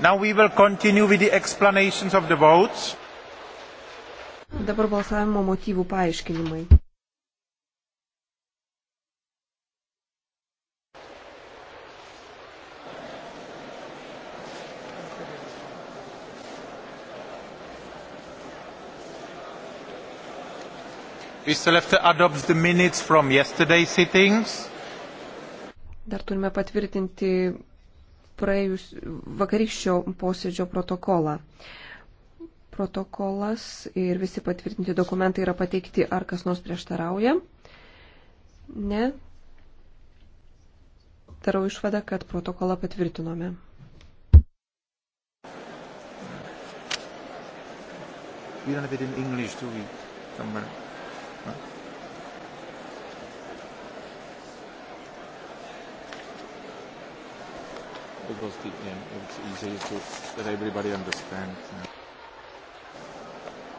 Now we will continue with the explanations of the votes. Dabar balsavimo motyvų paaiškinimai. We still have to adopt the minutes from yesterday's sittings. Dar turime patvirtinti praėjus vakarykščio posėdžio protokolą. Protokolas ir visi patvirtinti dokumentai yra pateikti, ar kas nors prieštarauja. Ne. Darau išvadą, kad protokolą patvirtinome. We don't have it in English, do we? Somewhere. Huh? because the, yeah, it's easier to, that everybody understands. Yeah.